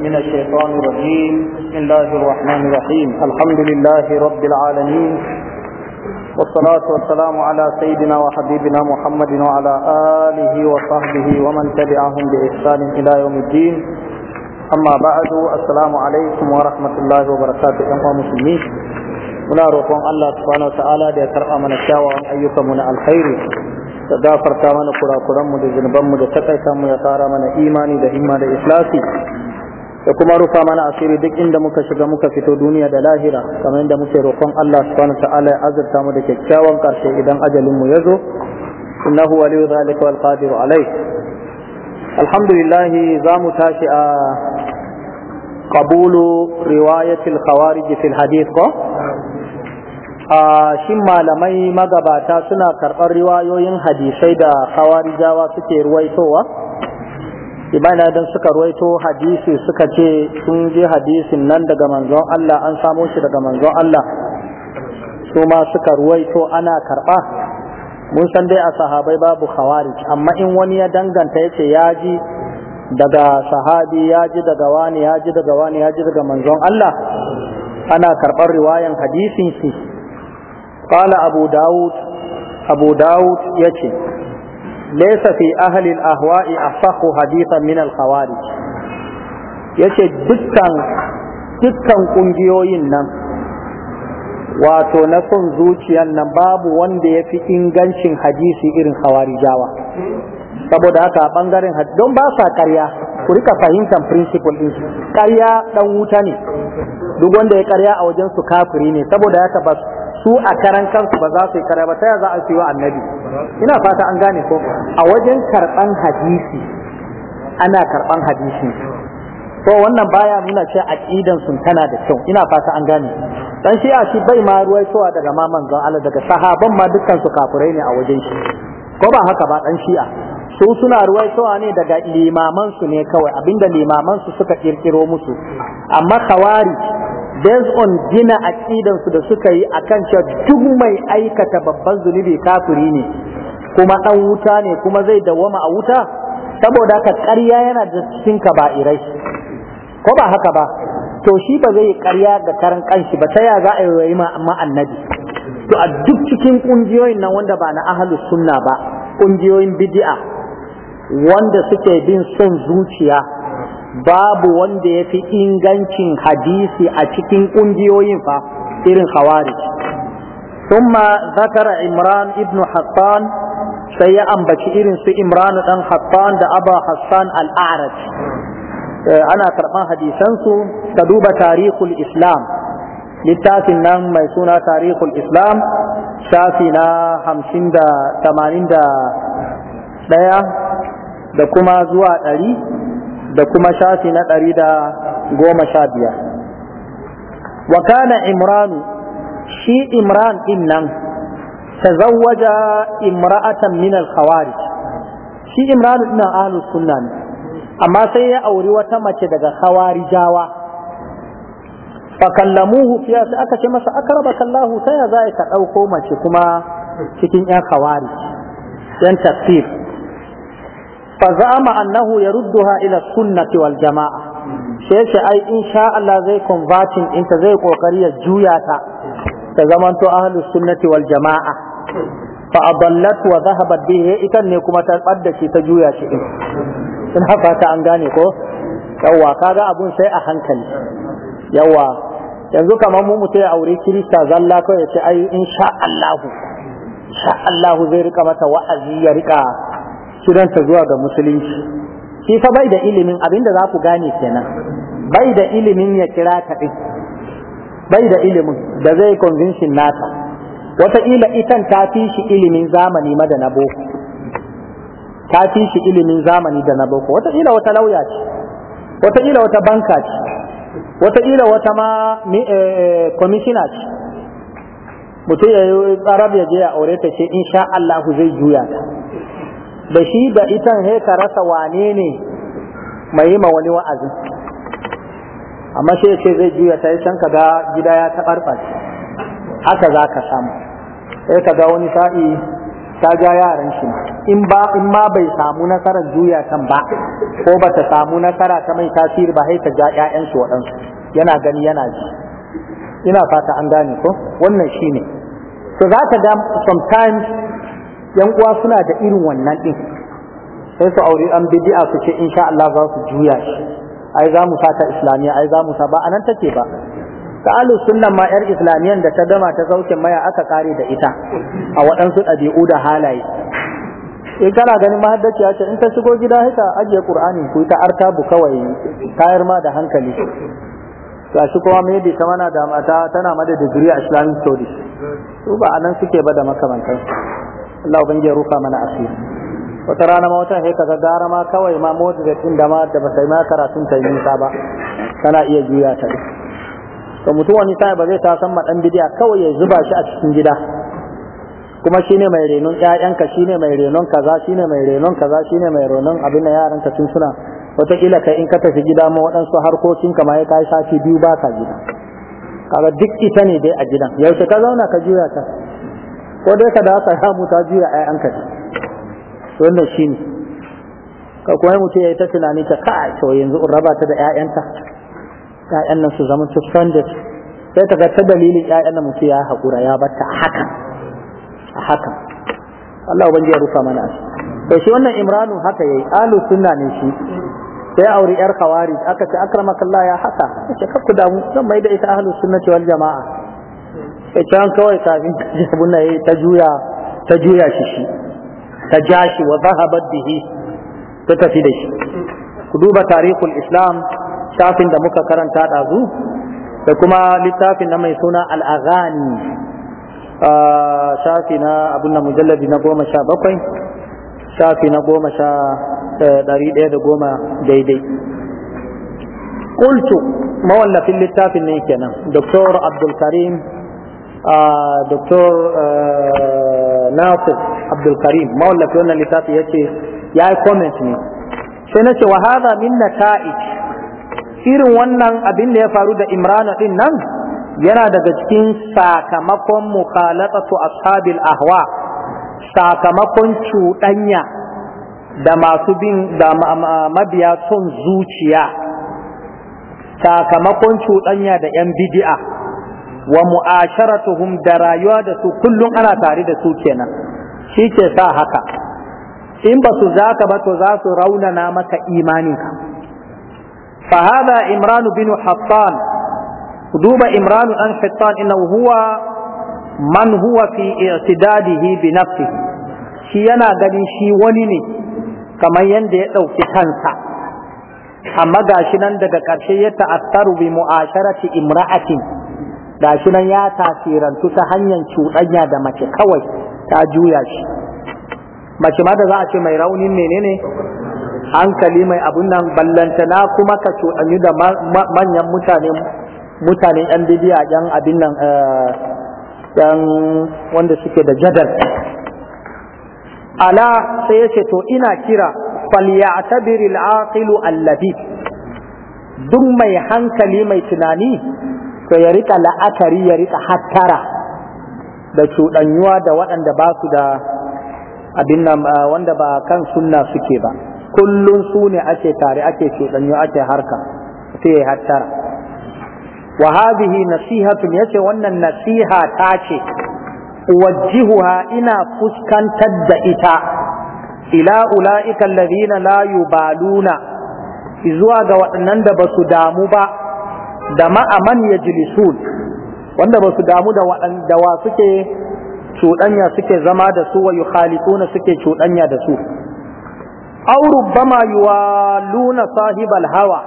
من الشيطان الرجيم بسم الله الرحمن الرحيم الحمد لله رب العالمين والصلاة والسلام على سيدنا وحبيبنا محمد وعلى آله وصحبه ومن تبعهم بإحسان إلى يوم الدين أما بعد السلام عليكم ورحمة الله وبركاته أيها المسلمين من roƙon الله سبحانه وتعالى ta'ala da ya karɓa أيكم من الخير تدا فرتا من gafarta mana kurakuranmu da zunubanmu da takaita mu ya tsara mana imani da da kuma rufa mana asiri duk inda muka shiga muka fito duniya da lahira kamar yadda muke roƙon Allah subhanahu ta'ala ya azurta mu da kyakkyawan karshe idan ajalin mu yazo innahu waliyyu zalika wal qadiru alayh alhamdulillah za mu tashi a qabulu riwayat al khawarij fil hadith ko a shin malamai magabata suna karɓar riwayoyin hadisai da khawarijawa suke ruwaitowa imana dan suka ruwaito hadisi suka ce sun je hadisin nan daga manzon Allah an samo shi daga manzon Allah su ma suka ruwaito ana karba mun san dai a sahabai babu khawarij amma in wani ya danganta yace ce ya ji daga sahabi ya ji daga wani ya ji daga wani ya ji daga manzon Allah ana karɓar riwayan hadisin shi qala abu daud abu daud yace laysa fi ahli al-ahwa'i asahhu hadithan min al-khawarij yace dukkan dukkan kungiyoyin nan wato na son zuciyan nan babu wanda ya fi ingancin hadisi irin khawarijawa saboda haka bangaren don ba sa karya ku rika fahimtar principle din su karya dan wuta ne duk wanda ya karya a wajen su kafiri ne saboda haka ba su a karan kansu ba za su yi karya ba ta za a yi annabi ina fata an gane ko a wajen karban hadisi ana karban hadisi to wannan baya nuna cewa aqidan sun tana da kyau ina fata an gane dan shi a shi bai ma ruwaitowa daga Maman zan Allah daga sahaban ma dukkan su kafurai ne a wajen shi ko ba haka ba dan shi'a su suna ruwaitowa ne daga limaman su ne kawai abinda limaman su suka kirkiro musu amma kawari based on gina su da suka yi a kan cewa duk mai aikata babban zunubi kafiri ne kuma dan wuta ne kuma zai dawama a wuta saboda haka ƙarya yana da cikin kaba'irai ko ba haka ba to shi ba zai yi ƙarya ga karan kanshi ba ta ya za a yi ma annabi to a duk cikin ƙungiyoyin nan wanda ba na ahlus sunna ba ƙungiyoyin bid'a wanda suke bin son zuciya babu wanda ya fi ingancin hadisi a cikin ƙungiyoyin fa irin hawari? thumma zakara imran ibn hassan sai ya ambaci irin su imran dan hassan da aba hassan al eh, ana karban hadisan su ka duba tarihul islam littafin nan mai suna tarihul islam shafi na hamsin da tamanin da ɗaya da kuma zuwa ɗari da kuma shafi na ɗari da goma sha biyar wa kana imranu shi imran din nan tazawwaja imra'atan min al-khawarij shi Imranu din nan sunna ne amma sai ya auri wata mace daga khawarijawa fa kallamuhu fiya sai aka ce masa raba kallahu, sai ya zai ka ɗauko mace kuma cikin yan khawarij yan tafsir fa zama annahu yarudduha ila sunnati wal jama'a sai shi ai insha Allah zai converting inta zai kokari ya juya ta ta zamanto ahlus sunnati wal jama'a fa adallat wa dhahabat bihi ita ne kuma ta badda shi ta juya shi din ina ko yawa abun sai a hankali yawa yanzu kamar mu mutai aure kirista zalla kawai ya ce ai insha Allah insha Allah zai rika mata wa'azi ya rika kiransa zuwa ga musulunci shi fa bai da ilimin abinda za ku gane kenan bai da ilimin ya kira ka din bai da ilimin da zai convincing nata wataƙila itan ta fi shi ilimin zamani ma da na boko ta fi shi ilimin zamani da na boko wataƙila wata lauya ce wataƙila wata banka ce wataƙila wata ma eh, eh, commissioner ce mutum ya yi tsarar ya je ya aure ta ce insha Allah zai juya ta da shi da itan he ka rasa wane ne mai yi ma wani wa'azi amma sai ce zai juya ta can ka ga gida ya taɓarɓar haka za ka samu sai ka ga wani sa'i ta ja yaran shi in ba in ma bai samu nasarar juya kan ba ko ba ta samu nasara ta mai tasiri ba sai ta ja ƴaƴansu waɗansu yana gani yana ji ina fata an gane ko wannan shine to za ka ga sometimes yan uwa suna da irin wannan din sai su aure an bid'a su ce insha Allah za su juya shi ai za mu saka islamiyya ai za mu sa anan take ba ta alu sunnan ma yar islamiyyan da ta dama ta zaukin maya aka kare da ita a waɗansu ɗabi'u da halaye in eh, kana ganin mahaddaci ce in ta shigo gida haka ajiye qur'ani ku ta artabu kawai tayar ma da hankali ga shi kuma mai ta mana da mata tana mada digiri a islamic studies su ba anan suke ba da makamantansu Allah ban ya rufa mana asiri wata rana ma wata sai kaga gara ma kawai ma motsi da tun da ma da ba sai ma karatun ta nisa ba tana iya juya ta to mutum wani sai ba zai ta san madan bidiya kawai ya zuba shi a cikin gida kuma shine mai renon ka shine mai renon kaza shine mai renon kaza shine mai renon abin da yaranka tun suna Wata kila kai in ka tafi gida ma waɗansu harkokin ma ya kai sati biyu ba ka gida kaga duk ita ne dai a gidan yaushe ka zauna ka juya ta ko dai ka da ka samu ta juya ƴaƴanka ne wannan shi ne. ka kuma mutum ya yi ta tunani ka ka to yanzu in raba ta da ƴaƴanta ƴaƴan nan su zama suspended sai ka ga ta dalilin ƴaƴan nan mutum ya haƙura ya batta a hakan a hakan Allah ubangiji ya rufa mana to shi wannan imranu haka yayi alu sunna ne shi sai auri yar khawarij aka ce akramakallah ya haka ce kakku damu zan mai da ita ahlus sunnati wal jamaa can kawai kafin abun nan yayi ta juya ta juya shi shi ta ja shi wa zahabat bihi ta tafi da shi ku duba tarihul islam shafin da muka karanta ɗazu da kuma littafin na mai suna al'aghani shafi na abun nan na goma sha bakwai shafi na goma sha eh, ɗari ɗaya da goma daidai قلت مولى في ne kenan دكتور عبد الكريم Dr. Nasir Abdulkarim mawallafi wannan littafi ya ce ya yi comment ne sai na ce wa haza min nata'ij irin wannan abin da ya faru da Imrana din nan yana daga cikin sakamakon mukhalatatu ashabil ahwa sakamakon cuɗanya da masu bin da mabiya son zuciya sakamakon cuɗanya da 'yan bidi'a wa mu'asharatuhum da rayuwa da su kullum ana tare da su kenan shi ke sa haka in ba su za ka ba to za su raunana maka imaninka fa hada Imranu bin hattan duba Imranu dan hattan innahu huwa man huwa fi i'tidadihi bi nafsihi shi yana ganin shi wani ne kamar yadda ya ɗauki kansa amma gashi nan daga ƙarshe ya ta'attaru bi mu'asharati imra'atin shi nan ya tasirantu ta hanyar cuɗanya da mace kawai ta juya shi mace ma da za a ce mai raunin menene hankali mai abun nan ballanta na kuma ka cuɗanyu da manyan mutane ɗan yan bidiya yan abin nan yan eh, wanda suke da jadar ala sai ya ce to ina kira falyatabiri aqilu allabi duk mai hankali mai tunani to ya rika la'akari ya rika hattara da cuɗanyuwa da waɗanda ba su da abin nan wanda ba kan sunna suke ba kullun su ne ake tare ake cuɗanyuwa ake harka sai ya hattara wa hadhihi nasihatun yace wannan nasiha ta ce uwajjihuha ina fuskantar da ita ila ula'ika alladhina la yubaluna zuwa ga waɗannan da ba su damu ba da ma'aman ya jilisun wanda ba su damu da waɗanda suke cuɗanya suke zama da su wa halittuna suke cuɗanya da su yi wa luna sahibal hawa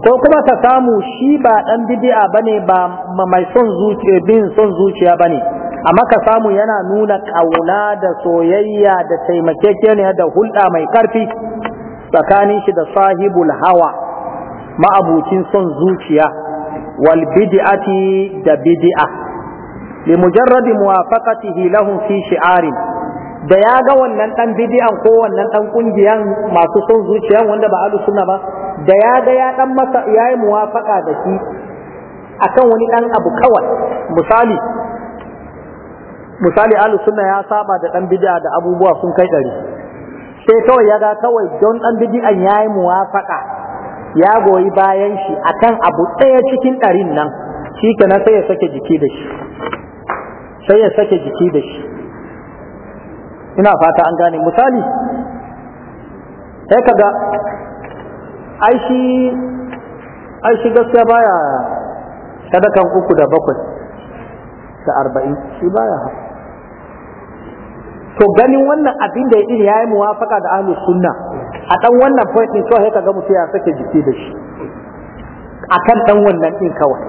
ko kuma ka samu shi ba ɗan bidiya ba ne ba mai son zuciya bin son zuciya ba ne, amma ka samu yana nuna ƙauna da soyayya da taimakekeniya da hulɗa mai ƙarfi tsakanin shi da sahibul hawa ma'abucin son zuciya wal bid'ati da bid'a li mujarrad muwafaqatihi lahum fi shi'arin da ya ga wannan dan bid'an ko wannan dan kungiyan masu son zuciya wanda ba alu sunna ba da ya ga ya dan masa yayi muwafaqa da shi akan wani dan abu kawai misali misali alu sunna ya saba da dan bid'a da abubuwa sun kai dari sai kawai ya ga kawai don dan bid'an yayi muwafaqa ya goyi bayan shi akan abu ɗaya cikin ɗarin nan shi kenan sai ya sake jiki da shi sai ya sake jiki da shi ina fata an gane misali sai kaga aishi aishi gaskiya baya sadakan uku da bakwai da arba'in shi baya to ganin wannan abin da ya yi muwafaka da ahlus sunna a dan wannan point din sai ka ga mutum ya sake jiki da shi akan dan wannan din kawai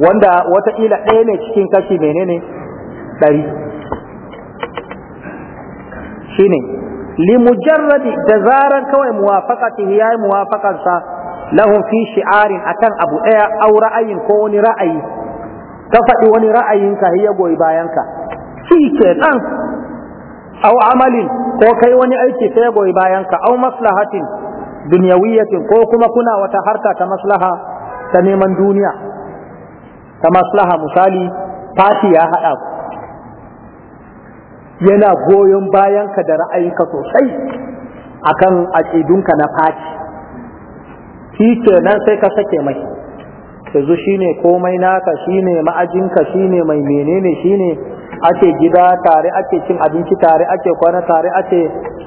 wanda wataƙila ɗaya ne cikin kashi menene ɗari shine limujarradi da zarar kawai muwafaqatihi yayi muwafaqansa lahum fi shi'arin akan abu ɗaya au ra'ayin ko wani ra'ayi ka faɗi wani ra'ayinka ya goyi bayanka shi ɗan. au amalin ko kai wani aiki sai goyi bayan ka au maslahatin dunyawiyatin ko kuma kuna wata harka ta maslaha ta neman duniya ta maslaha misali fati ya haɗa ku yana goyon bayan ka da ra'ayinka sosai akan aƙidunka na fati shi nan sai ka sake mai yanzu shine komai naka shine ma'ajinka shine mai menene shine ake gida tare ake cin abinci tare ake kwana tare ake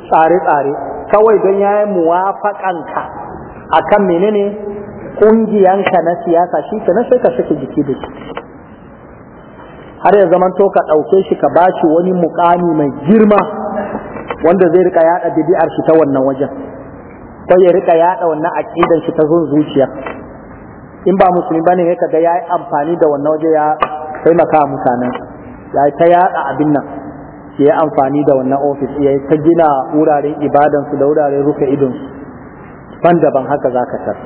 tsare-tsare kawai don ya yi muwafaƙanka Akan kan menene ƙungiyanka na siyasa shi ke na sai ka sake jiki da shi har ya zaman to ka ɗauke shi ka bashi wani mukami mai girma wanda zai rika yaɗa bidi'ar shi ta wannan wajen ko ya rika yaɗa wannan aƙidan shi ta zon zuciya in ba musulmi bane ka ka ya yi amfani da wannan waje ya taimaka mutanen ya ta yada abin nan ya amfani da wannan ofis ya ta gina wuraren ibadansu da wuraren rufe idonsu ban daban haka za ka tar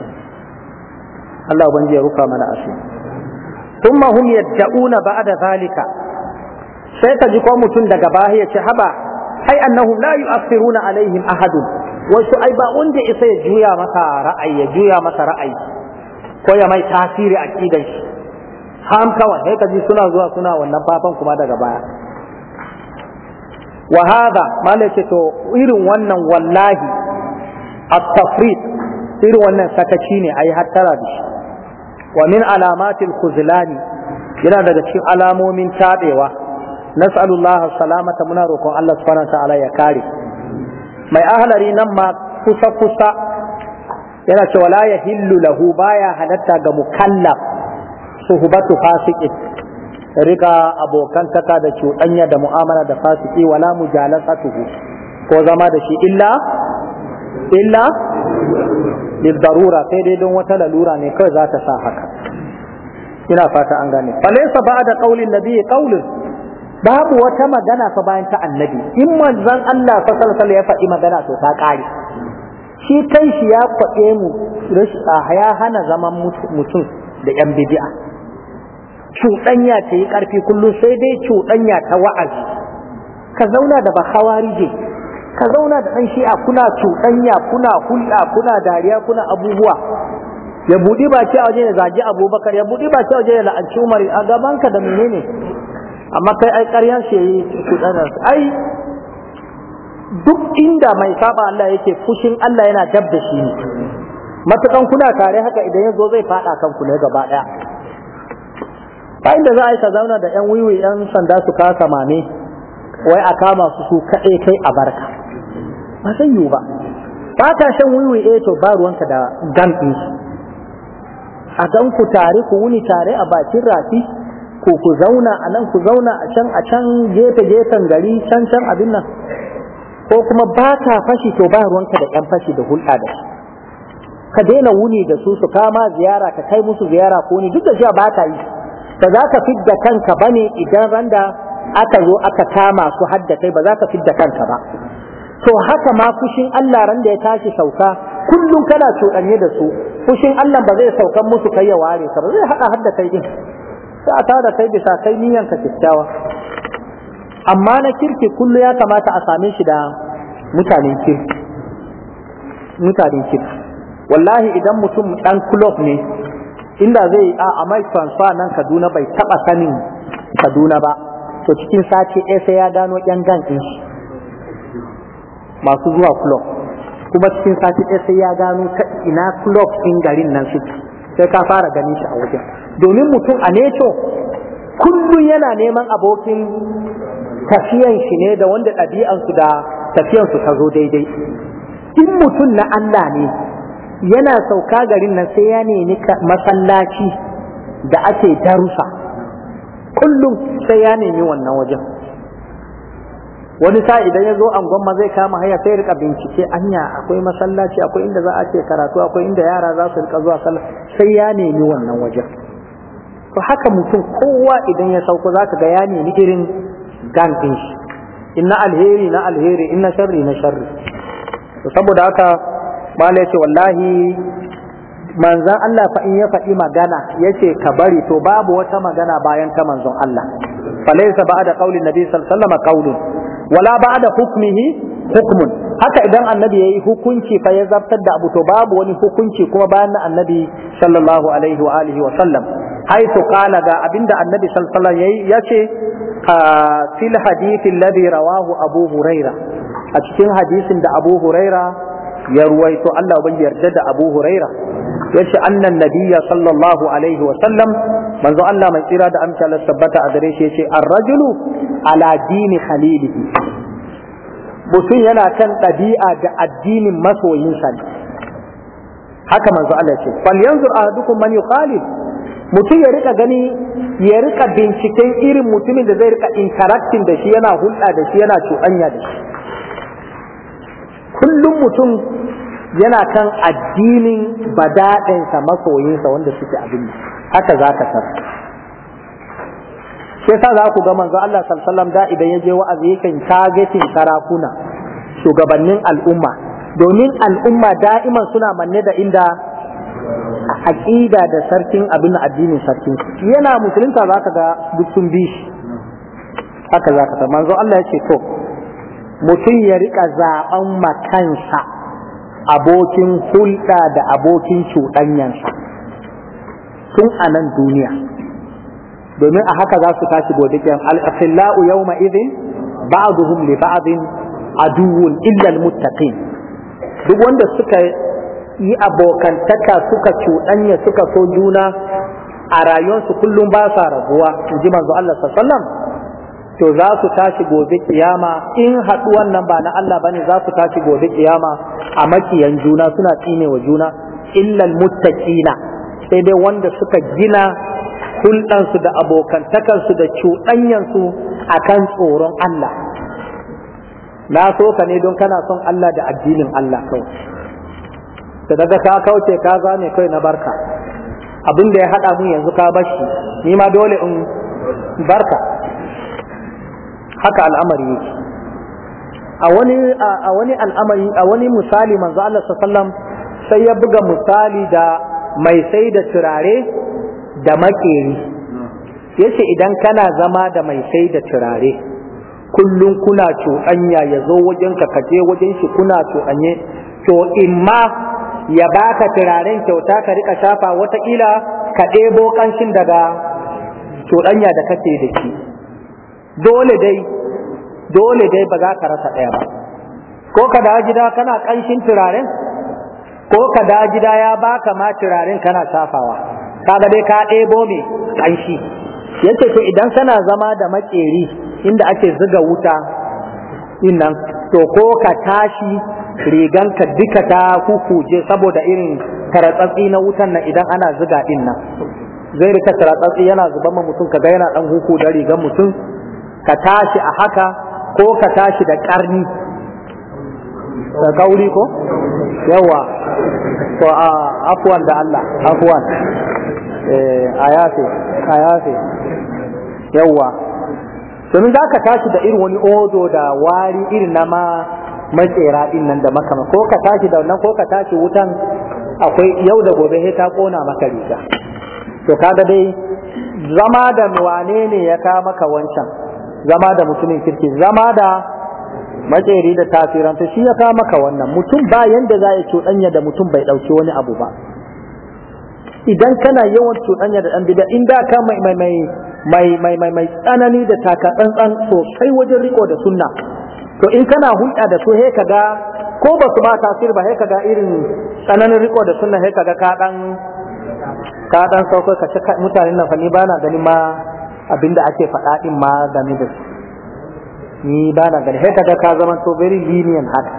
Allah ubangiji ya ruka mana asu thumma hum yad'una ba'da zalika sai kaji ji ko mutum daga baya ya ce haba ai annahum la yu'athiruna alaihim ahadun wasu ai ba wanda isa ya juya masa ra'ayi ya juya maka ra'ayi ko ya mai tasiri a kidan shi ham kawai sai ji suna zuwa suna wannan fafan kuma daga baya wa hada malaka to irin wannan wallahi at-tafrid irin wannan sakaci ne ai hattara da shi wa min alamatil khuzlani yana daga cikin alamomin tabewa nas'alullaha salamata muna roƙon Allah subhanahu wa ta'ala ya kare mai ahlari nan ma kusa kusa yana cewa la yahillu lahu baya halatta ga mukallaf suhbatu fasiqin rika abokantaka da cuɗanya da mu'amala da fasiki wala mujalasatuhu ko zama da shi illa illa bil darura sai dai don wata lalura ne kawai za ta sa haka ina fata an gane falaysa ba'da qaulin nabi qaulun babu wata magana fa bayan ta annabi in manzon Allah fa sallallahu ya fadi magana to ta kare shi kai shi ya faɗe mu ya hana zaman mutum da yan bid'a cuɗanya ta yi ƙarfi kullum sai dai cuɗanya ta wa'azi ka zauna da ba hawarije ka zauna da ɗan shi'a kuna cuɗanya kuna hulɗa kuna dariya kuna abubuwa ya buɗi ce a waje ya zaji abubakar ya buɗi ce a waje ya la'anci umar a gabanka da menene amma kai ai ƙaryan shi yayi cuɗanyar ai duk inda mai saba Allah yake fushin Allah yana dab da shi ne matukan kuna tare haka idan ya zo zai faɗa kanku ne gaba ɗaya ba inda za a yi ka zauna da yan wiwi yan sanda su kaka mame wai a kama su su kaɗe kai a barka ba zai yiwu ba ba ta shan wiwi eh to ba ruwanka da gan su a gan ku tare ku wuni tare a bakin rafi ku ku zauna a nan ku zauna a can a can gefe gefen gari can can abin nan ko kuma ba ta fashi to ba ruwanka da yan fashi da hulɗa da su ka daina wuni da su su kama ziyara ka kai musu ziyara ko ni duk da cewa ba ta yi ba za ka fidda kanka ba ne idan randa aka zo aka kama su hadda kai ba za ka fidda kanka ba to haka ma fushin Allah randa ya tashi sauka kullum kana cuɗanye da su fushin Allah ba zai saukan musu kai ya ware ka ba zai haɗa hadda kai din sai a tada kai bisa kai niyan ka kyakkyawa amma na kirki kullum ya kamata a same shi da mutanen kirki mutanen kirki wallahi idan mutum dan club ne inda zai yi a mai transfer nan kaduna bai taba sanin kaduna ba to cikin sace ɗaya sai ya gano ƴan gan ɗin shi masu zuwa club kuma cikin sace ɗaya sai ya gano ta ina club ɗin garin nan suke sai ka fara ganin shi a wajen domin mutum a neco kullum yana neman abokin tafiyan shi ne da wanda ɗabi'ansu da tafiyansu ta zo daidai in mutum na Allah ne yana sauka garin nan sai ya nemi masallaci da ake darusa kullum sai ya nemi wannan wajen wani sa idan ya zo angon zai kama haya sai rika bincike anya akwai masallaci akwai inda za a ce karatu akwai inda yara za su rika zuwa sallah sai ya nemi wannan wajen to haka mutum kowa idan ya sauko zaka ga ya nemi irin gantin din shi inna alheri na alheri inna sharri na sharri to saboda haka malai ce wallahi manzon Allah fa in ya faɗi magana yace ka bari to babu wata magana bayan ta manzon Allah falaysa ba'da qaulin nabi sallallahu alaihi wasallam qaulun wala ba'da hukmihi hukmun haka idan annabi yayi hukunci fa ya zartar da abu to babu wani hukunci kuma bayan na annabi sallallahu alaihi wa alihi wa sallam haitu qala ga abinda annabi sallallahu alaihi yace fil hadithi alladhi rawahu abu huraira a cikin hadisin da abu huraira ya ruwaito Allah ban yarda da Abu Huraira yace annan nabiyya sallallahu alaihi wa sallam manzo Allah mai tsira da amsa Allah tabbata a gare shi yace ar-rajulu ala dini khalilihi mutum yana kan ɗabi'a da addinin masoyinsa ne haka manzo Allah ce fal yanzur ahadukum man yukhalif mutum ya rika gani ya rika binciken irin mutumin da zai rika interacting da shi yana hulɗa da shi yana cuɗanya da shi kullum mutum yana kan addinin badaɗinsa masoyinsa wanda suke abin haka za ka tar sai sa za ku ga manzo Allah sallallahu da idan ya je wa'azi yakan targeting sarakuna shugabannin al'umma domin al'umma da'iman suna manne da inda aqida da sarkin abin addinin sarkin yana musulunta za ka ga duk sun bi shi haka za ka tar manzo Allah ya ce to mutum ya rika zaɓen makansa abokin hulɗa da abokin cuɗanyansa tun a nan duniya domin a haka za su tashi gobe kiyan al-akhillau yawma idhin ba'duhum li ba'din aduwwun illa illal muttaqin duk wanda suka yi abokantaka suka cuɗanya suka so juna a rayuwarsu kullum ba sa rabuwa in ji manzo Allah sallallahu to za su tashi gobe kiyama in haɗu wannan ba na Allah bane za su tashi gobe kiyama a makiyan juna suna tsine wa juna illal muttaqina sai dai wanda suka gina hulɗansu da abokantakansu da cuɗanyansu akan tsoron Allah na so ka ne don kana son Allah da addinin Allah kawai da daga ka kauce ka zane kai na barka abin da ya haɗa mu yanzu ka bashi ni ma dole in barka haka al'amari yake a wani a wani al'amari a wani misali manzo Allah sallallahu sai ya buga misali da mai sai da turare da makeri yace idan kana zama da mai sai da turare kullum kuna cuɗanya ya zo wajen ka kaje wajen shi kuna cuɗanye to imma ya baka turaren kyauta ka rika shafa wataƙila ka ɗebo ƙanshin daga cuɗanya da kake da shi dole dai dole dai ba za ka rasa ɗaya ba ko ka da gida kana ƙanshin turaren ko ka da gida ya baka ma turaren kana safawa kaga dai ka ɗebo me ƙanshi yace to idan kana zama da maƙeri inda ake zuga wuta innan to ko ka tashi riganka duka ta kukuje saboda irin karatsatsi na wutan nan idan ana zuga din nan zai rika karatsatsi yana zuba ma mutum kaga yana dan huku da rigan mutum ka tashi a haka ko ka tashi da karni da kauri ko yawa to a afuwan da Allah afuwan eh, a yafe a yafe yawa sun za ka tashi da irin wani odo da wari irin na ma matsera din nan da makama ko ka tashi da wannan ko ka tashi wutan akwai yau da gobe sai ta kona maka riga to kaga dai zama da wane ne ya ka maka wancan zama da mutumin kirki zama da matseri da ta shi ya ka maka wannan mutum ba yanda za ya cuɗanya da mutum bai ɗauki wani abu ba idan kana yawan cuɗanya da ɗan bida in da ka mai tsanani da taka tsantsan sosai wajen riko da sunna to in kana hulɗa da su he kaga ko ba su ba tasir ba he kaga irin tsananin riko da sunna he kaga ka dan ka ce mutanen nan fa ni bana ganin ma abinda ake faɗa din ma game da su ni ba na gani sai kaga ka zama to very lenient haka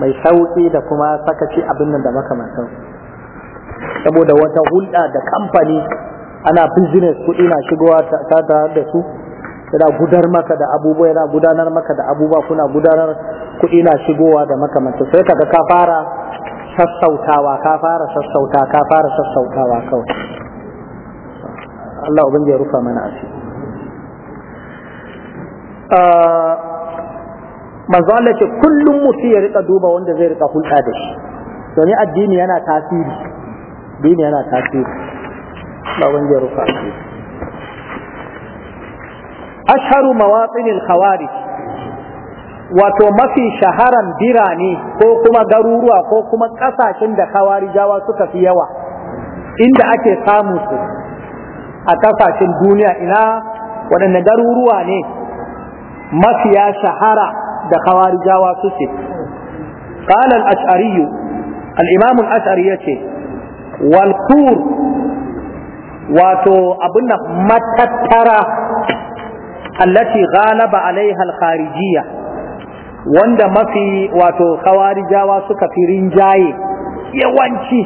mai sauki da kuma sakaci abin nan da makamantan saboda wata hulɗa da kamfani ana business kuɗi na shigowa ta da da su yana gudar maka da abubuwa yana gudanar maka da abubuwa kuna gudanar kuɗi na shigowa da makamanta sai kaga ka fara sassautawa ka fara sassauta ka fara sassautawa kawai Allah ubangiji ya rufa mana asiri ah, manzo Allah ce kullum mutum ya rika duba wanda zai rika hulɗa da shi domin addini yana tasiri addini yana tasiri Allah ubangiji ya rufa asiri asharu mawatinil khawarij wato mafi shaharan birane ko kuma garuruwa ko kuma ƙasashen da kawarijawa suka fi yawa inda ake samu su a kasashen duniya ina waɗanne garuruwa ne mafiya shahara da kawari jawa su ce ƙalar ashariyu al’imamun ashari ya ce walkur wato abin matattara allati galaba alaiha alkharijiya wanda mafi wato kawari suka fi rinjaye yawanci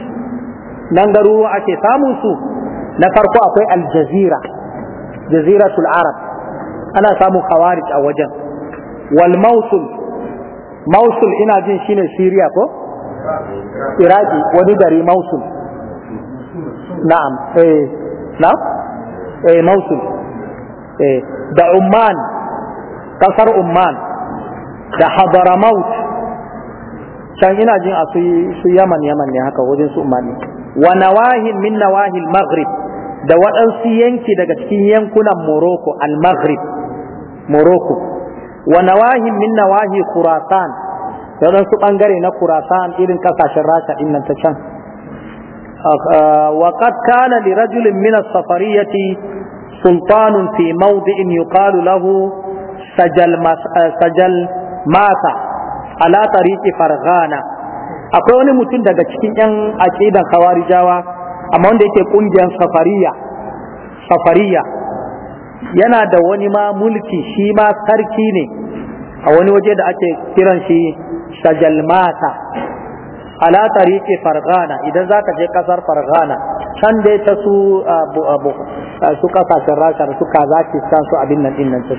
nan garuruwa ake samun su na farko akwai aljazira jaziratul arab ana samun khawarij a wajen wal mausul mausul ina jin shine syria ko iraki wani gari mausul na'am eh na eh mausul eh da umman kasar umman da hadramaut can ina jin a su yaman yaman ne haka wajen su umman ne wa nawahin min nawahil maghrib da waɗansu yanki daga cikin yankunan Morocco al-Maghrib Morocco wa nawahin min nawahi Khurasan da waɗansu ɓangare na Khurasan irin ƙasashen Rasha ɗin nan ta can wa qad kana li rajulin min as-safariyati sultanun fi mawdi'in yuqalu lahu sajal sajal mata ala tariqi farghana akwai wani mutum daga cikin yan aqidan khawarijawa amma wanda yake kungiyar safariya safariya yana da wani ma mulki shi ma sarki ne a wani waje da ake kiran shi shajalmata ala tariqi fargana, idan zaka je kasar fargana, can dai ta su abu abu su kasashen rasha su san su abin nan din nan can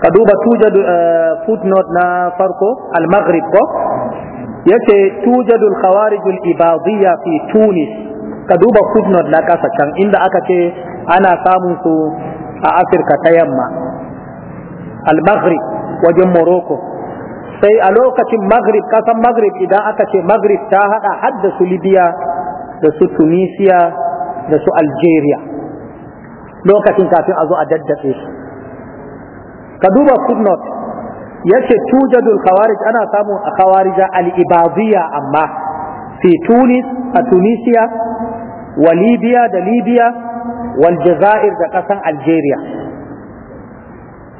ka duba tujad eh, footnote na farko al-maghrib ko yace tujadul khawarijul ibadiyya fi tunis ka duba footnote na kasa can inda aka ce ana samun su a afirka ta yamma al-maghrib wajen morocco sai a lokacin maghrib kasan maghrib idan aka ce maghrib ta hada hadda su libya da su tunisia da su algeria lokacin kafin a zo a daddace kaduba ka duba footnote yace tujadul khawarij ana samun a khawarija al-ibadiyya amma fi tunis a tunisia wa libya da libya wal jazair da kasan algeria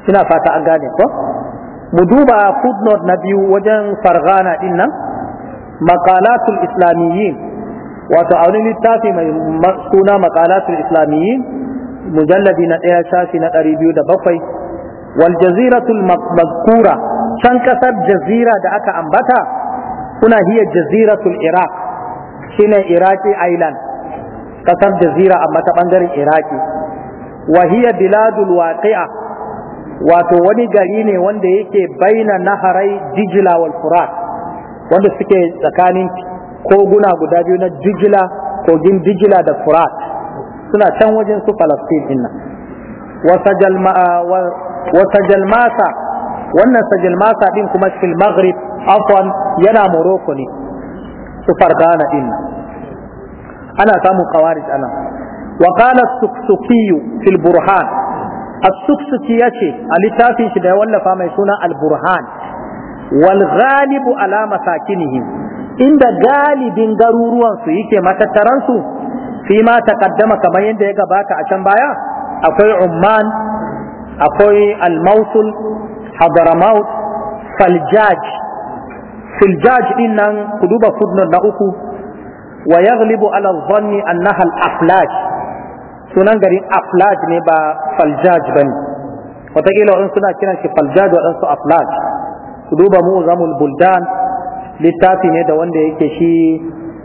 ina fata an gane ko mu duba footnote na biyu wajen fargana din nan maqalatul islamiyyin wato a wani littafi mai suna maqalatul islamiyyin mujalladi na ɗaya shafi na ɗari biyu da bakwai wal jaziratul mazkura can kasar jazira da aka ambata kuna hiya jaziratul iraq shine iraqi island kasar jazira amma ta bangaren iraqi wa hiya biladul waqi'a wato wani gari ne wanda yake baina naharai dijila wal furat wanda suke tsakanin koguna guda biyu na dijila kogin dijila da furat suna can wajen su falastin din nan wa sajalmasa wannan sajalmasa din kuma fil maghrib afwan yana morocco ne su fargana din ana samun kawarij ana wa qala suksuki fil burhan as-suksuki yace a littafin shi da ya wallafa mai suna al-burhan wal ghalibu ala masakinihim inda galibin garuruwan su yake matattaran su fi ma taqaddama kamar yadda ya gabata a can baya akwai Umman akwai almautul hadramaut faljaj filjaj din nan ku duba footnote na uku wa yaghlibu ala dhanni annaha al-aflaj sunan garin aflaj ne ba faljaj bane wataƙila waɗansu suna kiran shi faljaj waɗansu aflaj ku duba mu'zamul buldan littafi ne da wanda yake shi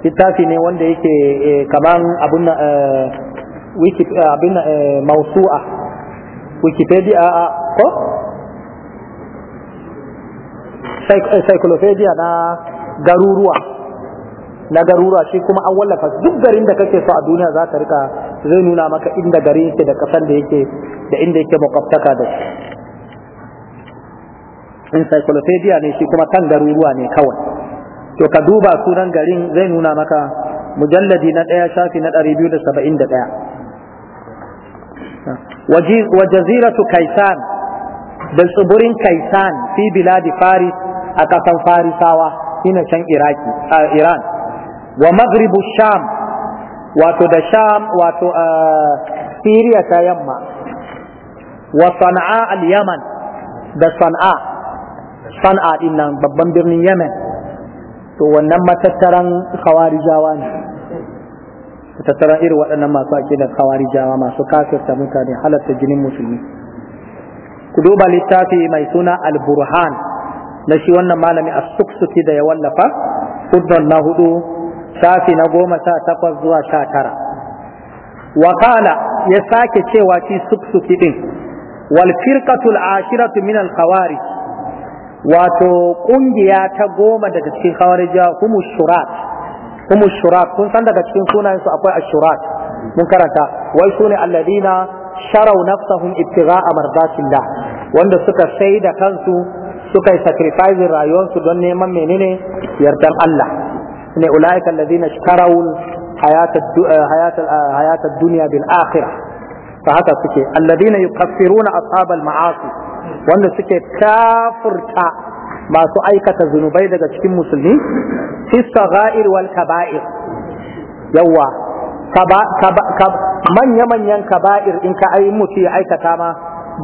littafi ne wanda yake eh, kaman eh, eh, abin mausu'a wikipedia a ko encyclopedia eh, na garuruwa na garuruwa shi kuma an wallafa duk garin da kake so a duniya za ta rika zai nuna maka inda gari yake da kasan da yake da inda yake makwabtaka da shi encyclopedia ne shi kuma kan garuruwa ne kawai to ka duba sunan garin zai nuna maka mujalladi na ɗaya shafi na ɗari biyu da saba'in da ɗaya Wajaziratu jaziratu da tsibirin kaisan fi biladi faris a ƙasan farisawa ina can iraki a iran wa maghribu sham wato da sham wato siriya ta yamma wa sana'a al yaman da sana'a sana'a din babban birnin yemen to wannan matattaran khawarijawa ne tattara iri waɗannan masu aƙidar jawa masu kafirta mutane halatta jinin musulmi ku duba littafi mai suna al-burhan na shi wannan malami a suksuki da ya wallafa hudun na hudu shafi na goma sha takwas zuwa sha tara wakala ya sake cewa shi suksuki din wal firqatul ashiratu min al wato kungiya ta goma daga cikin jawa kuma shurat hum shurat kun san daga cikin sunayen su akwai ashurat mun karanta wai sune alladina sharau nafsahum ibtigha'a mardatillah wanda suka sai da kansu suka yi sacrifice rayuwarsu don neman menene yardan Allah ne ulaika alladina shtarau hayat ad-dunya bil akhirah haka suke alladina yukaffiruna ashabal ma'asi wanda suke kafurta masu aikata zunubai daga cikin musulmi fi sagha'ir wal kaba'ir yawa manya-manyan kaba'ir in ka ayi mutu ya aikata ma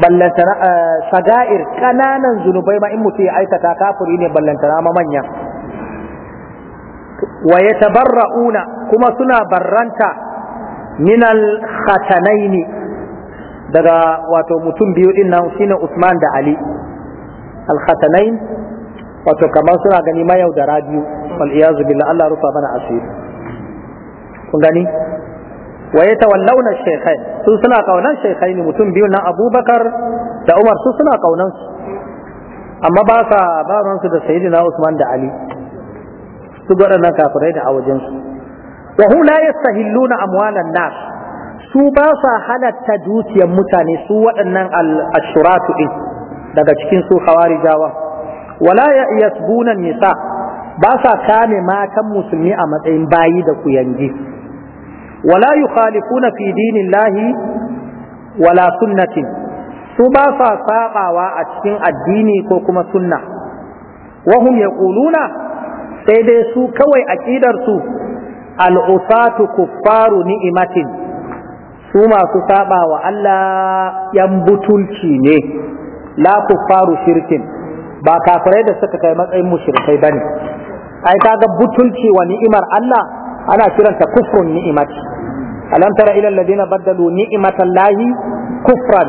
ballantana eh, saga'ir kananan zunubai ma in mutu ya aikata kafiri ne ballanta ma manya wa yatabarra'una kuma suna barranta minal khatanaini daga wato mutum biyu din nan shine Usman da Ali al-Khatanain wato kamar suna gani ma yau da radiyo. wal iyazu billah Allah rufa mana asiri kun gani wa ya yatawallawna shaykhain su suna kaunan ne mutum biyu na Abubakar da Umar su suna kaunan su amma ba sa ba su da sayyidina Usman da Ali su waɗannan kafirai da a wajen su wa hum la yastahilluna amwalan nas su ba sa halatta dukiyar mutane su waɗannan al-ashuratu din daga cikin su khawarijawa wala ya yasbuna nisa ba sa kame matan musulmi a matsayin bayi da kuyangi wala yukhalifuna fi dinillahi wala sunnatin su ba sa sabawa a cikin addini ko kuma sunna hum yaquluna sai dai su kawai aqidar su al'usatu kuffaru ni'imatin su masu saba wa Allah ‘yan butulci ne, la kuffaru shirkin, ba kafirai da suka kai matsayin mushrikai bane ai kaga butulci wa ni'imar Allah ana kiranta kufrun ni'imati alam tara ila alladhina baddalu ni'matallahi kufran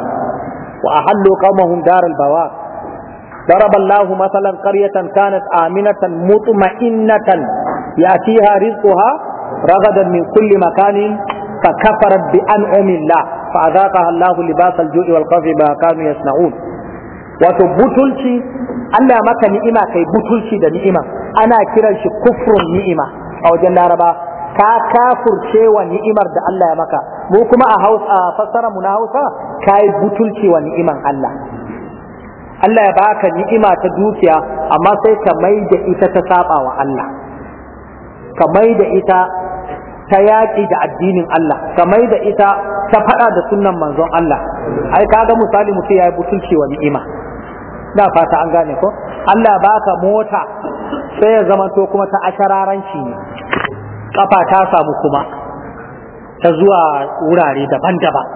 wa ahallu qaumahum daral bawa ضرب الله مثلا قرية كانت آمنة مطمئنة يأتيها رزقها رغدا من كل مكان فكفرت بأنعم الله فأذاقها الله لباس الجوع والخوف بما كانوا يصنعون wato butulci Allah maka ni'ima kai butulci da ni'ima ana kiran shi kufrun ni'ima a wajen laraba ka kafurce wa ni'imar da Allah ya maka mu kuma a hausa fassara mu na hausa kai butulci wa ni'iman Allah Allah ya baka ni'ima ta dukiya amma sai ka mai da ita ta saba wa Allah ka mai da ita ta yaƙi da addinin Allah ka mai da ita ta faɗa da sunnan manzon Allah ai kaga misali mutum ya yi butulci wa ni'ima da fata an gane ko Allah baka mota sai ya zama to kuma ta ashararanci ne kafa ta samu kuma ta zuwa wurare daban-daban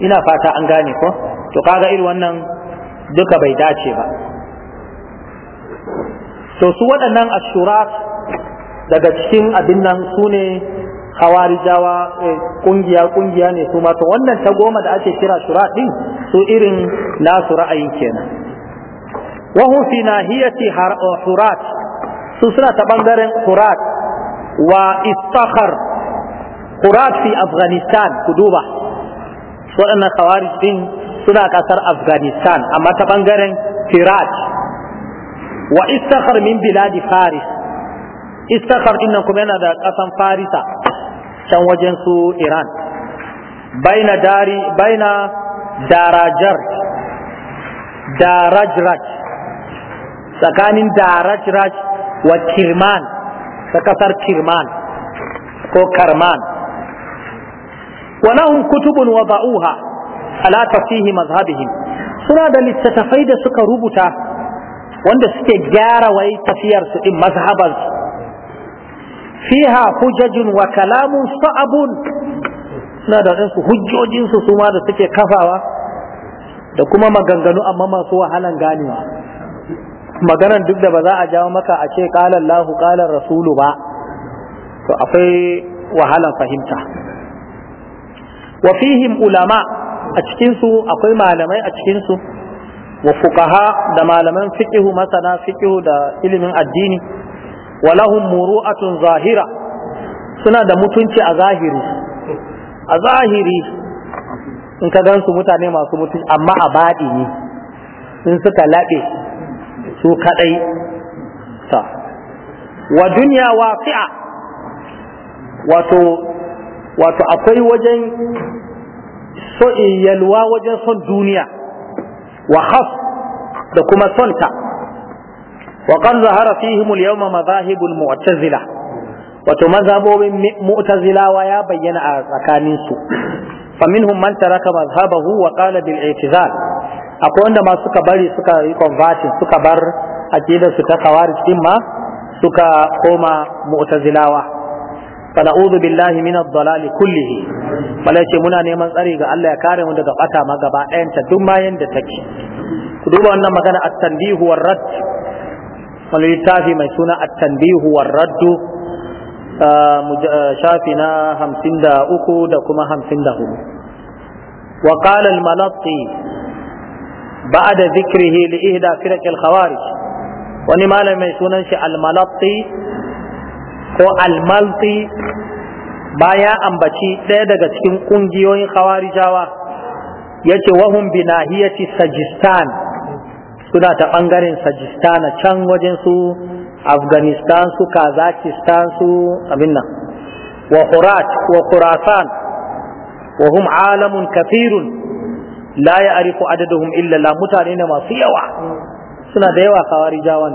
ina fata an gane ko to kaga irin wannan duka bai dace ba to su waɗannan ashurat daga cikin abin nan su ne hawarijawa kungiya eh, kungiya ne su mata wannan ta goma da ake kira shura din su irin nasu ra'ayin kenan وهو في ناهية حرات سوسنا تبنغرين حرات واستخر حرات في أفغانستان كدوبة سؤالنا خوارج دين سنة كسر أفغانستان أما تبندر حرات واستخر من بلاد فارس استخر إنكم أنا ذا قسم فارسة شان وجنسو إيران بين داري بين داراجر دارجرج tsakanin daraj-raj wa kirman ta kasar kirman ko karman walahum kutubun wa ba'uha ala tafihi mazhabihim suna da littattafai da suka rubuta wanda suke gyara wai tafiyar su din mazhabar fiha hujajun wa kalamun sa'abun suna da wadansu hujjojinsu su da suke kafawa da kuma maganganu amma masu wahalan ganewa maganar duk da ba za a jawo maka a ce ƙalar lahu ƙalar rasulu ba to akwai wahalan fahimta wa fihim ulama a cikinsu akwai malamai a cikinsu wa fuqaha da malaman fiqhu masana fiqhu da ilimin addini walahu muru'atun zahira suna da mutunci a zahiri a zahiri in ka gansu mutane masu mutunci amma a baɗi ne in suka laɓe su kadai ta wa duniya wasi'a wato wato akwai wajen so yalwa wajen son duniya wa khas da kuma son ta. wa qad zahara fihim al-yawma madhahibul mu'tazila wato mazhabobin mu'tazilawa ya bayyana a tsakaninsu faminhum man taraka mazhabahu wa qala bil i'tizal akwai wanda ma suka bari suka yi converting suka bar aqidar su ta khawarij din ma suka koma mu'tazilawa fa udu billahi min ad-dalali kullihi malaike muna neman tsari ga Allah ya kare mu daga bata ma gaba ɗayan ta duk ma yanda take ku duba wannan magana at-tanbihu war-radd wani littafi mai suna at-tanbihu war-radd uh, uh, shafi na hamsin da uku da kuma hamsin da hudu wa qala al-malaqi بعد ذكره لإهدى فرق الخوارج wani malam mai sunan shi almalatti ko almalti baya ambaci ɗaya daga cikin ƙungiyoyin khawarijawa ya ce wahun binahiyati sajistan suna ta ɓangaren sajistana can wajen su afghanistan su kazakistan su abin nan wa hurat wa alamun kafirun la ya ariku adaduhum illa la mutane ne masu yawa suna da yawa kawari jawan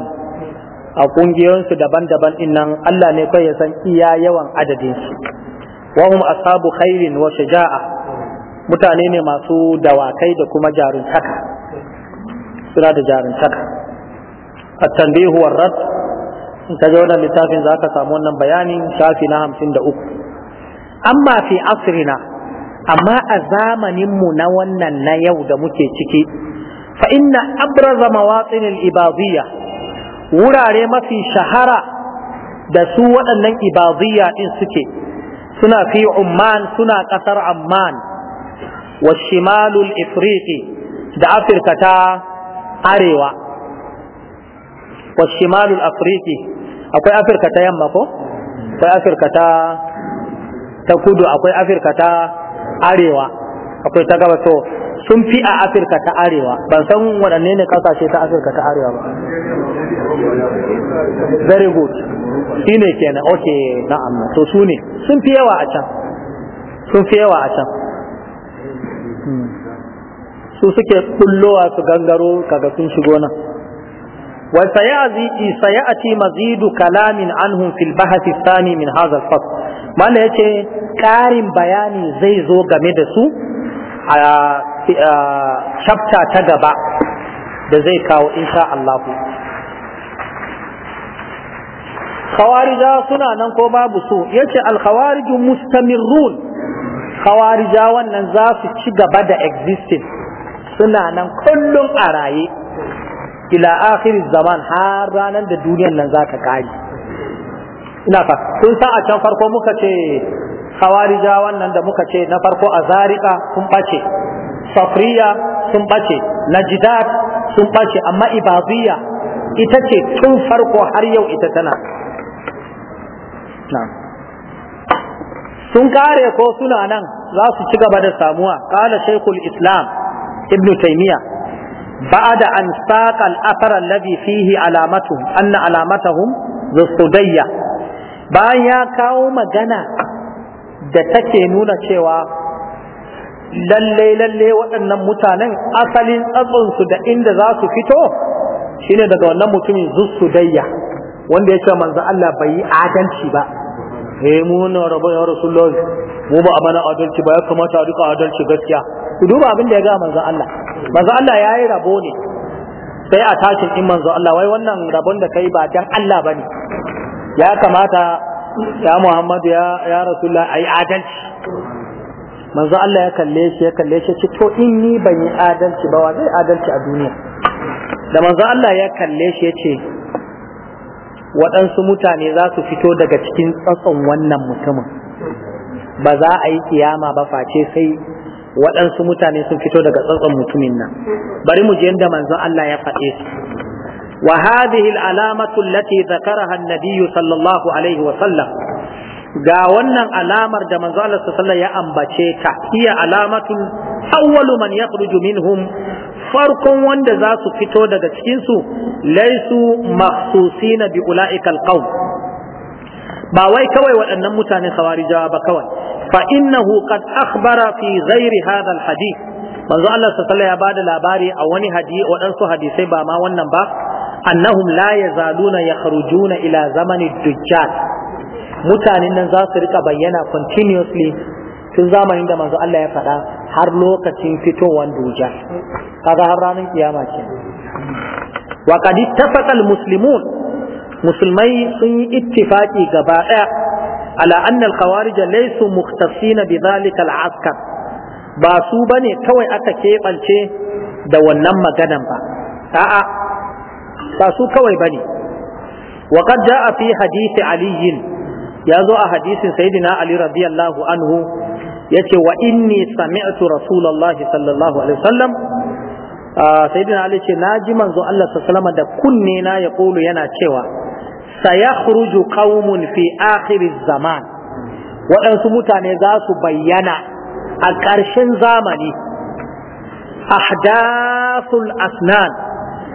a kungiyoyinsu daban-daban din Allah ne kai ya san iya yawan adadin su wa hum ashabu khairin wa shaja'a mutane ne masu dawakai da kuma jaruntaka suna da jaruntaka at-tanbihu war-rad in ka ga wannan littafin zaka samu wannan bayanin shafi na 53 amma fi asrina amma a zamaninmu na wannan na yau da muke ciki fa inna abraza mawaƙinin ibadiyya wurare mafi shahara da su waɗannan ibadiyya ɗin suke suna fi umman suna ƙasar amman wa shimalul ifriqi da afirka ta arewa wa shimalul afriqi akwai afirka ta yamma ko akwai afirka ta ta kudu akwai afirka ta arewa akwai ta gaba to sun fi a afirka ta arewa ban san waɗanne ne kasashe ta afirka ta arewa ba very good shi ne kenan ok na'am to su ne sun fi yawa a can sun fi yawa a can hmm. su suke bullowa su gangaro kaga sun shigo nan وسيأتي مزيد كلام عنهم في البحث الثاني من هذا الفصل mana yace ce ƙarin bayani zai zo game da su a chapter ta gaba da zai kawo insha Allahu khawarija suna nan ko babu su yace al-khawariju mustamirrun khawarija wannan za su ci gaba da existing suna nan kullum a raye ila akhir zaman har ranar da duniyar nan za ta kare ina fa sun sa a can farko muka ce khawarija wannan da muka ce na farko a zarika sun bace safriya sun bace najidat sun bace amma ibadiyya ita ce tun farko har yau ita tana sun kare ko suna nan za su ci gaba da samuwa kala shaykhul islam ibnu taymiya بعد أن ساق الأثر الذي فيه علامتهم أن علامتهم ذو الصدية bayan ya kawo magana da take nuna cewa lalle lalle waɗannan mutanen asalin tsatsunsu da inda za su fito shi ne daga wannan mutumin zussudayya wanda ya ce manzan Allah bai yi adalci ba eh mu na rabu ya rasulullah mu ba a mana adalci ba ya kamata duka adalci gaskiya ku duba abin da ya ga manzan Allah manzan Allah ya yi rabo ne sai a tashin in manzan Allah wai wannan rabon da ka yi ba don Allah ba ne. ya kamata ya Muhammadu ya ya Rasulullah yi adalci manzo Allah ya kalle shi ya kalle shi ce to in ni ban yi adalci ba wa zai adalci a duniya da manzo Allah ya kalle shi ya ce waɗansu mutane za su fito daga cikin tsatson wannan mutumin ba za a yi kiyama ba face sai waɗansu mutane sun fito daga tsatson mutumin nan bari mu je yadda manzo Allah ya faɗe su وهذه العلامة التي ذكرها النبي صلى الله عليه وسلم ga wannan alamar da manzo Allah sallallahu ya ambace ta hiya alamatun awwalu man yakhruju minhum farkon wanda za su fito daga cikin su laisu makhsusina bi ula'ikal alqaum ba wai kawai waɗannan mutanen khawarijawa ba kawai fa innahu qad akhbara fi ghairi hadha alhadith manzo Allah sallallahu ya bada labari a wani hadisi waɗansu hadisai ba ma wannan ba annahum la yazaluna yakhrujuna ila zamani dujjal mutanen nan za su rika bayyana continuously tun zamanin da manzo Allah ya faɗa har lokacin fitowar dujjal kaga har ranar kiyama ce wa qad ittafaqa musulmai sun yi ittifaqi gaba daya ala anna alkhawarij laysu mukhtasina bi dhalika askar ba su bane kawai aka keɓance da wannan maganan ba a'a ba su kawai ba ne wa qad jaa fi hadisi ali ya zo a hadisin sayyidina ali radiyallahu anhu yace wa inni sami'atu rasulullahi sallallahu alaihi wasallam sayyidina ali ce ji manzo Allah sallallahu da kunne na ya kulu yana cewa sayakhruju qaumun fi akhir zaman waɗansu mutane za su bayyana a ƙarshen zamani ahdathul asnan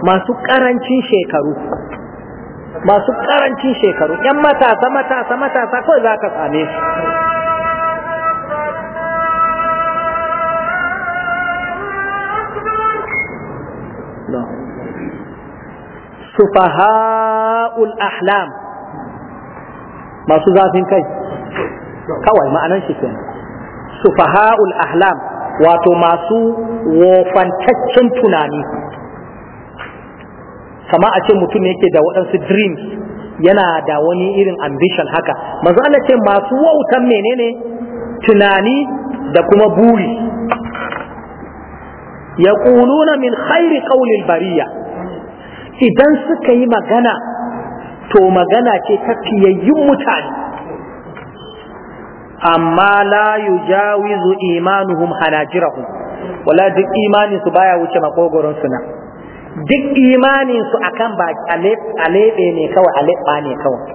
masu karancin shekaru masu karancin shekaru yan matasa matasa matasa kawai za ka same su sufaha'ul ahlam masu zafin kai kawai ma'anan shi ke sufaha'ul ahlam wato masu wofantaccen tunani kama a ce mutum yake da waɗansu dreams yana da wani irin ambition haka manzo Allah ce masu wautan menene tunani da kuma buri Ya yaquluna min khairi qawli bariya idan suka yi magana to magana ce ta fiyayyun mutane amma la yujawizu imanuhum hanajirahum wala duk imaninsu su baya wuce makogoron su na duk imaninsu akan ba a lebe ne kawai a leɓa ne kawai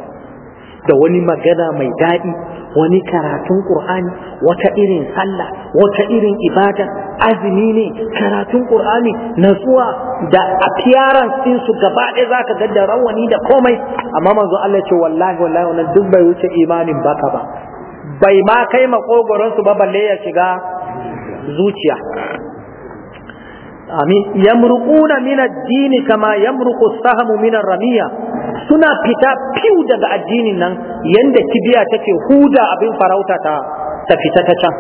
da wani magana mai daɗi wani karatun ƙur'ani wata irin sallah wata irin ibada azumi ne karatun ƙur'ani natsuwa da appearance din su gaba ɗaya zaka ga da rawani da komai amma manzo Allah ce wallahi wallahi wannan duk bai wuce imanin baka ba bai ma kai makogoron su ba balle ya shiga zuciya amin yamruquna min ad-din kama yamruqu as-sahmu min ar-ramiya suna fita fiu daga addinin nan yanda kibiya take huda abin farauta ta ta fita ta can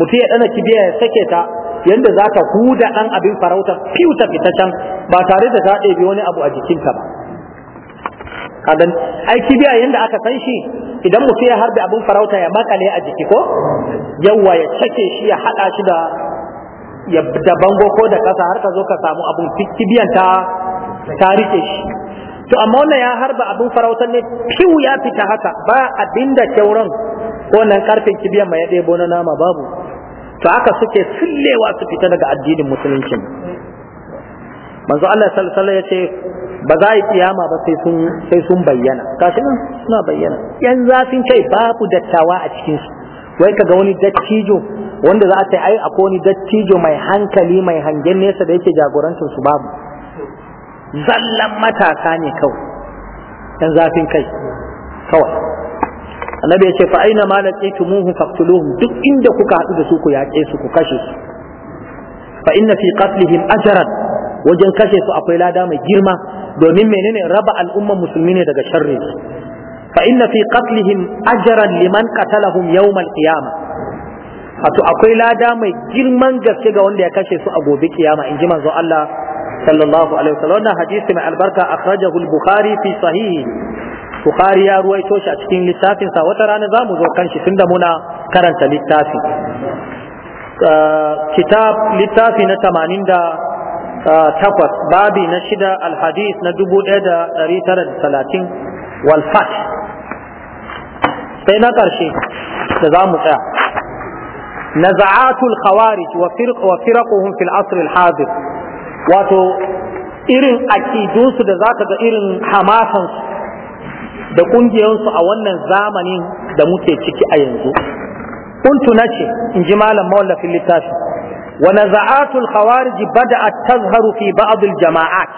mutiya ya dana kibiya ya sake ta yanda za huda dan abin farauta fiu ta fita can ba tare da ta ɗebi wani abu a jikinka ba kadan ai kibiya yanda aka san shi idan mutiya ya harbi abin farauta ya makale a jiki ko yawwa ya sake shi ya hada shi da da bango ko da ƙasa har ka zo ka samu abun kibiyan ta ta rike shi to amma wannan ya harba abin farautar ne fiw ya fita haka ba abinda kyauran wannan karfin kibiyan mai ya ɗebo na nama babu to haka suke sullewa su fita daga addinin musulunci manzo Allah sallallahu alaihi ya ce ba za a yi kiyama ba sai sun sai sun bayyana kashi nan suna bayyana yan zafin kai babu dattawa a cikin su wai kaga wani dattijo wanda za a ce ai akwai wani dattijo mai hankali mai hangen nesa da yake jagorancin su babu zallan matasa ne kawai yan zafin kai kawai annabi ya ce fa aina ma laqitumuhum faqtuluhum duk inda kuka haɗu da su ku yaƙe su ku kashe su fa inna fi qatlihim ajran wajen kashe su akwai lada mai girma domin menene raba al'ummar musulmi ne daga sharri fa inna fi qatlihim ajran liman qatalahum yawm al-qiyamah wato akwai lada mai girman gaske ga wanda ya kashe su a gobe kiyama in ji manzo Allah sallallahu alaihi wasallam wannan hadisi mai albarka akhrajahu al-bukhari fi sahihi bukhari ya ruwaito shi a cikin littafin sa wata rana zamu zo kan shi tunda muna karanta littafi kitab littafi na 88 babi na shida al-hadith na 1930 wal fath sai na karshe da zamu tsaya naza'atul khawarij wa firq wa firquhum fil asr al wato irin akidunsu da zaka ga irin hamasansu da ƙungiyarsu a wannan zamanin da muke ciki a yanzu kuntu ce in ji malam mawallafin littafi wa naza'atul khawarij bada'at tazharu fi ba'd al jama'at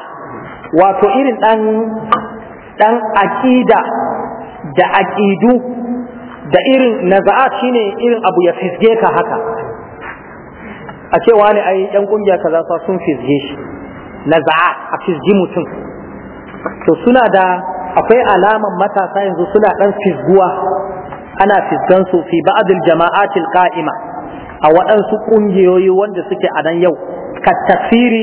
wato irin ɗan aƙida da aƙidu da irin shi shine irin abu ya fisge ka haka a cewa ne ai yan kungiya kaza sa sun fisge shi za'a a fisgi mutum to suna da akwai alaman matasa yanzu suna ɗan fisguwa ana fisgan su fi jama'a jama'atil qa'ima a waɗansu ƙungiyoyi wanda suke a nan yau ka tafsiri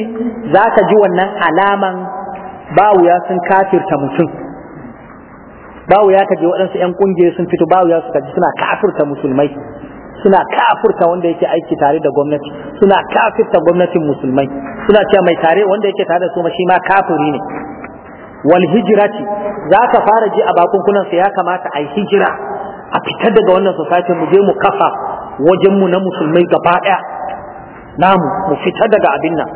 za ka ji wannan alaman ba wuya sun kafirta mutum bawu ya kaje waɗansu 'yan ƙungiyoyi sun fito bawu ya suka ji suna kafirta musulmai suna kafirta wanda yake aiki tare da gwamnati suna kafirta gwamnatin musulmai suna cewa mai tare wanda yake tare da su shi ma kafiri ne wal hijrati za ka fara ji a bakunkunan ya kamata a hijira a fitar daga wannan society mu je mu kafa wajen mu na musulmai gaba ɗaya namu mu fitar daga abin nan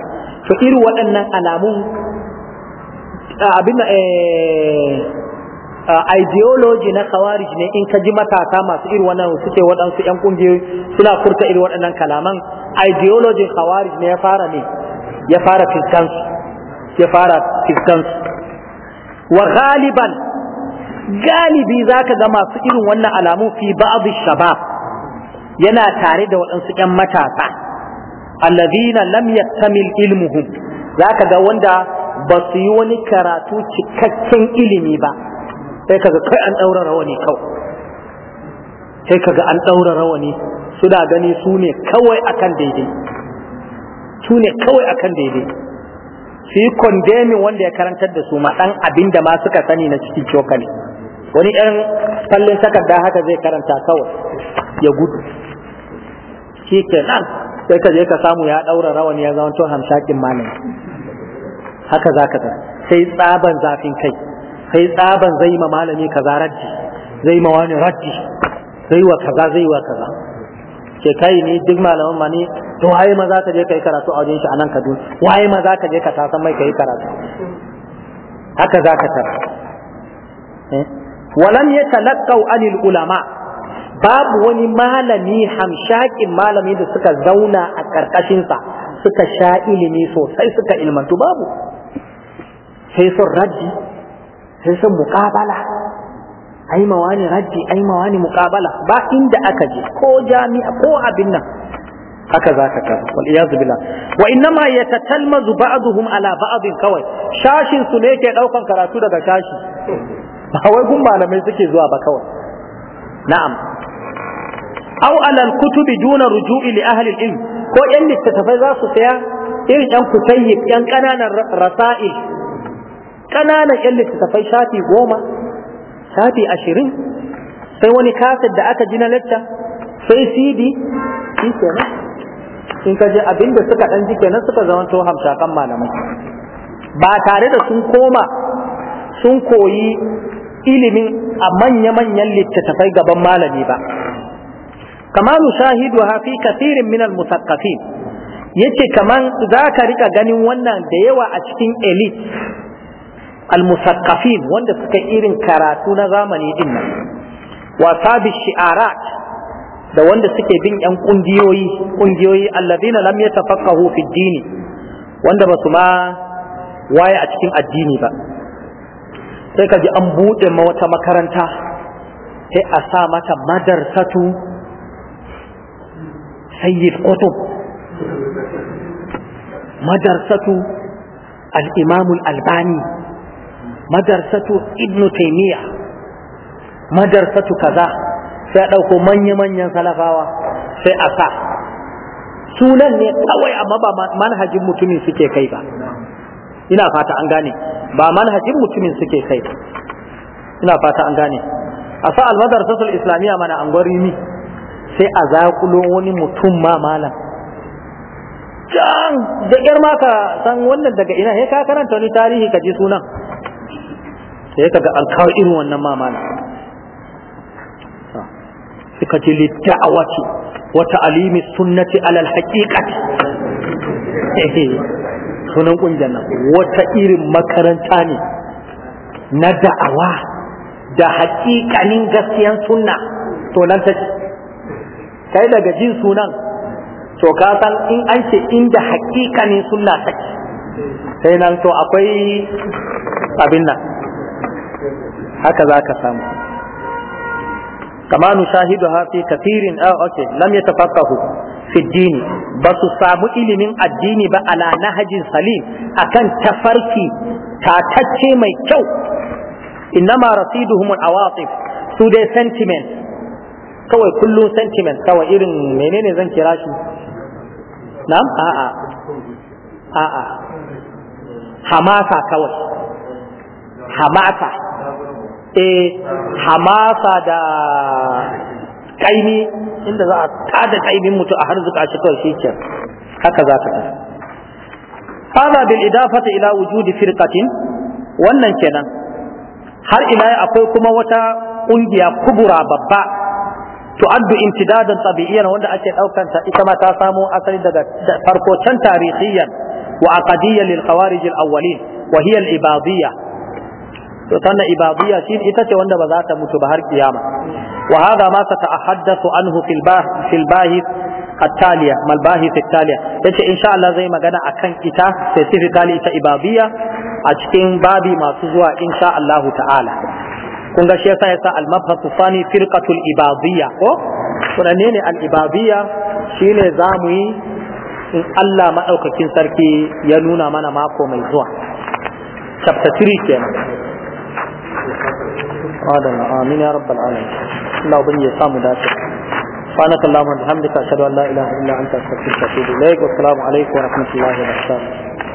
to irin waɗannan alamun abin eh ideology na khawarij ne in ka ji matasa masu irin wannan suke waɗansu ƴan ƙungiyoyi suna furta irin waɗannan kalaman ideology khawarij ne ya fara ne ya fara fiskansu ya fara fiskansu wa galiban galibi zaka ga masu irin wannan alamu fi ba'd shabab yana tare da waɗansu ƴan matasa allazina lam yaktamil ilmuhum zaka ga wanda ba su yi wani karatu cikakken ilimi ba sai kaga kai an daura rawani kawai sai kaga an daura rawani suna gani su ne kawai akan daidai su ne kawai akan daidai su yi kondemin wanda ya karantar da su ma dan abin da ma suka sani na cikin cokali wani ɗan kallon takarda haka zai karanta kawai ya gudu shi kenan sai ka je ka samu ya ɗaura rawani ya zama to Hamsakin malami haka za ka sai tsaban zafin kai sai tsaban zai ma malami kaza raddi zai ma wani raddi zai wa kaza zai wa kaza ke kai ni duk malaman ma ni to waye ma za ka je ka yi karatu a wajen shi a nan Kaduna waye ma za ka je ka tasan mai yi karatu haka za ka tara eh? walam yatalaqqau anil ulama babu wani malami hamshakin malami da suka zauna a ƙarƙashinsa suka sha ilimi sosai suka ilmantu babu sai sun raddi sai san muƙabala aimawa ne raddi aimawa ne muƙabala ba inda aka je ko jami'a ko abin nan haka za ka kasu wal iyazu billah wa innama yatatalmazu ba'dhum ala ba'dhin kawai shashin su ne ke daukan karatu daga shashi ba wai gun malamai suke zuwa ba kawai na'am aw ala al-kutubi duna ruju'i li ahli al-ilm ko yan littattafai za su saya irin yan kutayyi yan kananan rasa'i ƙananan yan littattafai shafi goma shafi ashirin sai wani kaset da aka ji na lecture sai cd kenan in ka je abin da suka ɗan ji kenan suka zama to hamshakan malamai ba tare da sun koma sun koyi ilimin a manya-manyan littattafai gaban malami ba kamalu shahidu hafi kasirin minal musakkafi yace kaman za ka rika ganin wannan da yawa a cikin elite al-musaqqafin wanda suka irin karatu na zamani din wasa wa da wanda suke bin yan kungiyoyi kungiyoyi alladhina lam yatafaqahu fi dini wanda ba su ma waye a cikin addini ba sai ka ji an buɗe wata makaranta sai a sa mata madarsatu sayyid kutub madarsatu al-imamul albani madarsatu ibnu taymiya madarsatu kaza sai a ɗauko manya-manyan salafawa sai a sa sunan ne kawai amma ba manhajin mutumin suke kai ba ina fata an gane ba manhajin mutumin suke kai ba ina fata an gane a sa almadarsatul islamiyya mana an gwari ni sai a zakulo wani mutum ma malam Jan da yar ma ka san wannan daga ina he ka karanta wani tarihi ka ji sunan sai ka ga alkawar irin wannan mamana suka ce litta'awati wata alimi sunnati alal hakikati. sunan kungiyar nan wata irin makaranta ne na da'awa da haƙiƙanin gaskiyan sunna to nan ta kai daga jin sunan to ka san in an ce inda haƙiƙanin sunna take sai nan to akwai abin nan haka za ka samu kama shahidu ha kafirin. kathirin ah okay ya yatafaqahu fi dini ba su samu ilimin addini ba ala nahajin salim akan tafarki tatacce mai kyau innama rasiduhum a awatif su dai sentiment kawai kullum sentiment kawai irin menene zan kira shi na'am a'a a'a hamasa kawai hamasa eh hamasa da kaimi inda za tada kaimin mutu a harzuka shi kawai shi ke haka za ka tafi hada bil idafati ila wujudi firqatin wannan kenan har ila akwai kuma wata ƙungiya kubura babba tu'addu imtidadan tabi'iyan wanda ake daukan ta ita ma ta samo asali daga farko can tarihiyan wa aqadiyyan lil khawarij al awwalin wa to sannan ibadiyya shi ita ce wanda ba za ta mutu ba har kiyama wa hadha ma sata'ahaddathu anhu fil bah fil bahith التالية ما الباهي في التالية يتي إن شاء الله زي ما ita أكن ita سيسيفيكالي a cikin babi masu zuwa تزوى إن شاء kun ga shi yasa yasa al-mabhasu fani firqatul ibadiyya ko tunane ne al-ibadiyya shine zamu yi in Allah madaukakin sarki ya nuna mana mako mai zuwa chapter 3 kenan Adana, amin ya rabbal alam. Allah ubangi ya samu dace. Subhanak Allahumma bihamdika ashhadu an la ilaha illa anta astaghfiruka wa atubu ilaik. Assalamu alaikum wa rahmatullahi wa barakatuh.